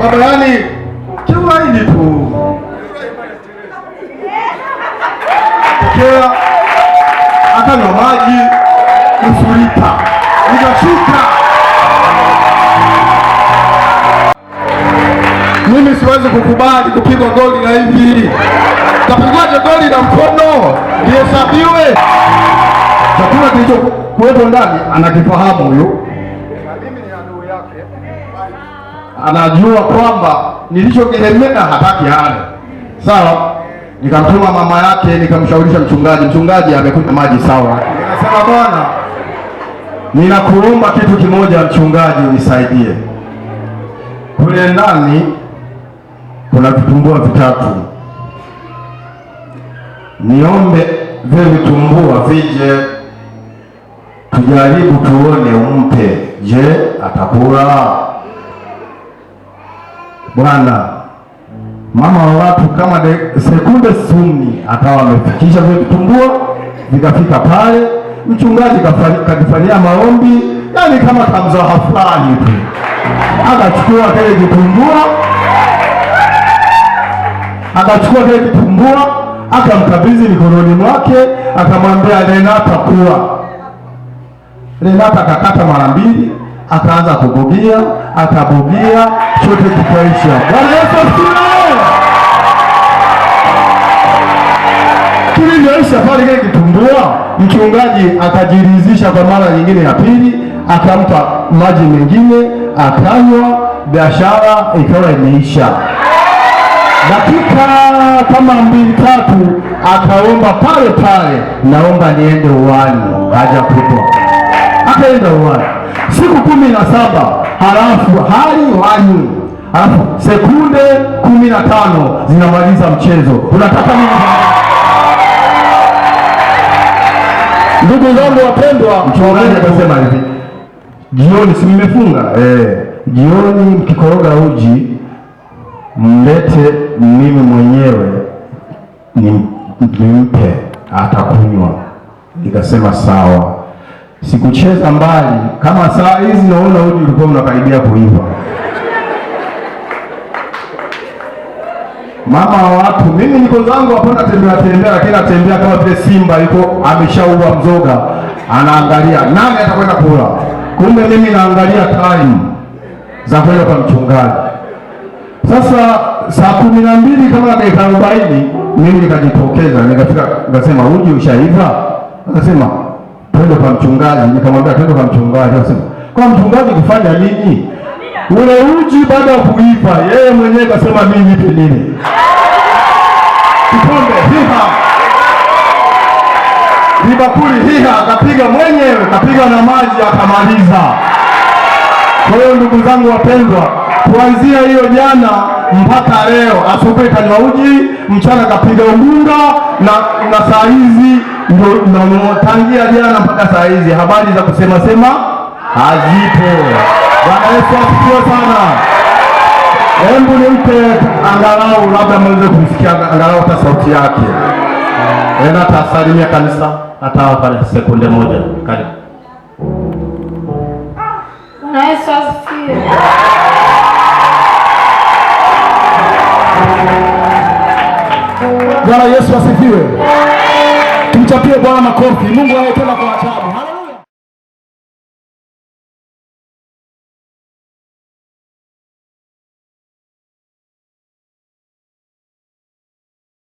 Baba, yani kiwa tu tokea akanywa maji nusu lita nikashuka. Mimi siwezi kukubali kupigwa goli na hivi. Kapigwaje goli na mkono lihesabiwe? Chakula kilichokuwepo ndani anakifahamu huyu anajua kwamba nilichokielemea hataki hale. Sawa, nikamtuma mama yake, nikamshaurisha mchungaji, mchungaji amekuta maji. Sawa, nikasema bwana, ninakuomba kitu kimoja, mchungaji, unisaidie. Kule ndani kuna vitumbua vitatu, niombe vile vitumbua vije, tujaribu tuone umpe. Je, atakula? Bwana mama wa watu kama de, sekunde sumni akawa amefikisha vile vitumbua vikafika pale, mchungaji kajifanyia maombi, yani kama kamza hafulani tu, akachukua kile kitumbua, akachukua kile kitumbua, akamkabidhi mikononi mwake, akamwambia Renata, kuwa Renata. Akakata mara mbili, akaanza kugogia atabumia, chote kitaisha. Bwana Yesu asifiwe. Kilivyoisha pale kile kitumbua, mchungaji akajiridhisha kwa mara nyingine ya pili, akampa maji mengine, akanywa, biashara ikawa imeisha. Dakika kama mbili tatu, akaomba pale pale, naomba niende uwani, haja kubwa. Akaenda uwani siku kumi na saba halafu hali hali halafu sekunde kumi na tano zinamaliza mchezo. Unataka nini? Ndugu zangu wapendwa, mchungaji akasema hivi jioni, si mmefunga eh? Jioni mkikoroga uji mlete mimi mwenyewe nimpe, atakunywa. Nikasema sawa sikucheza mbali kama saa hizi, naona uji ulikuwa unakaribia kuiva. Mama wa watu, mimi niko zangu hapo natembea tembea, lakini natembea kama vile simba yuko ameshaua mzoga, anaangalia nani atakwenda kula. Kumbe mimi naangalia time za kwenda kwa mchungaji. Sasa saa kumi na mbili kama dakika arobaini mimi nikajitokeza, nikafika, nikasema uji ushaiva, akasema twende kwa mchungaji. Nikamwambia twende kwa mchungaji, akasema kwa mchungaji kufanya nini? Ule uji baada ya kuiva yeye mwenyewe kasema mimi nipe nini? Kikombe hiha, vibakuli hiha, kapiga mwenyewe, kapiga na maji akamaliza. Kwa hiyo ndugu zangu wapendwa, kuanzia hiyo jana mpaka leo, asubuhi kanywa uji, mchana kapiga ugunga na, na saa hizi ndio tangia jana mpaka saa hizi habari za kusema sema hazipo. Bwana Yesu asifiwe sana. Hebu nimpe angalau labda mweze kumsikia angalau hata sauti yake, ena tasalimia kanisa hata pale sekunde moja. Karibu. Bwana Yesu asifiwe. Bwana Yesu asifiwe mtapie Bwana makofi. Mungu awe tena kwa wachana.